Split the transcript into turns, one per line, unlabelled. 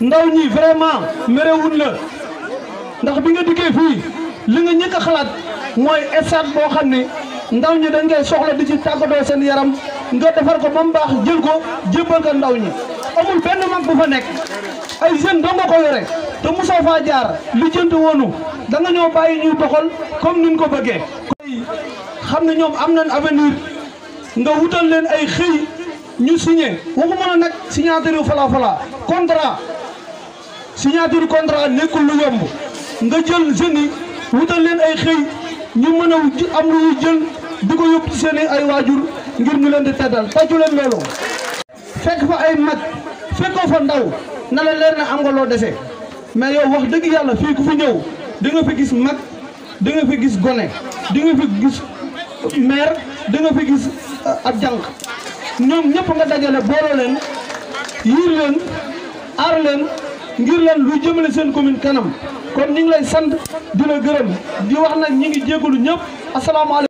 ndaw ñi vraiment merewul la ndax bi nga dikkee fii li nga ñëkk a xalaat mooy stade boo xam ne ndaw ñi dañ koy soxla di ci tàggatoo seen yaram nga defar ko ba mu jël ko jébbal ka ndaw ñi amul benn mag bu fa nekk ay jeunes dong nga ko yore te mosoo faa jaar li jënd woonu da ñoo bàyyi ñuy doxal comme ni ñu ko bëggee. koy xam ne ñoom am nañ avenir nga wutal leen ay xëy ñu signé waxuma la nag signature yu fala fala signature contrat nekkul lu yomb nga jël jeunes yi wutal leen ay xëy ñu mën a am lu ñuy jël di ko yóbbu seen ay waajur ngir ñu leen di teddal tàccu leen loolu fekk fa ay mag fekkoo fa ndaw na la leer na am nga loo dese mais yow wax dëgg yàlla fii ku fi ñëw danga nga fi gis mag di nga fi gis gone di nga fi gis maire di fi gis euh, ab jànq ñoom ñëpp nga dajale booloo leen yiir leen aar leen ngir lan luy jëmale seen commune kanam kon ñu lay sant di la gërëm
di wax nag ñi ngi jégalu ñëpp asalaamaaleykum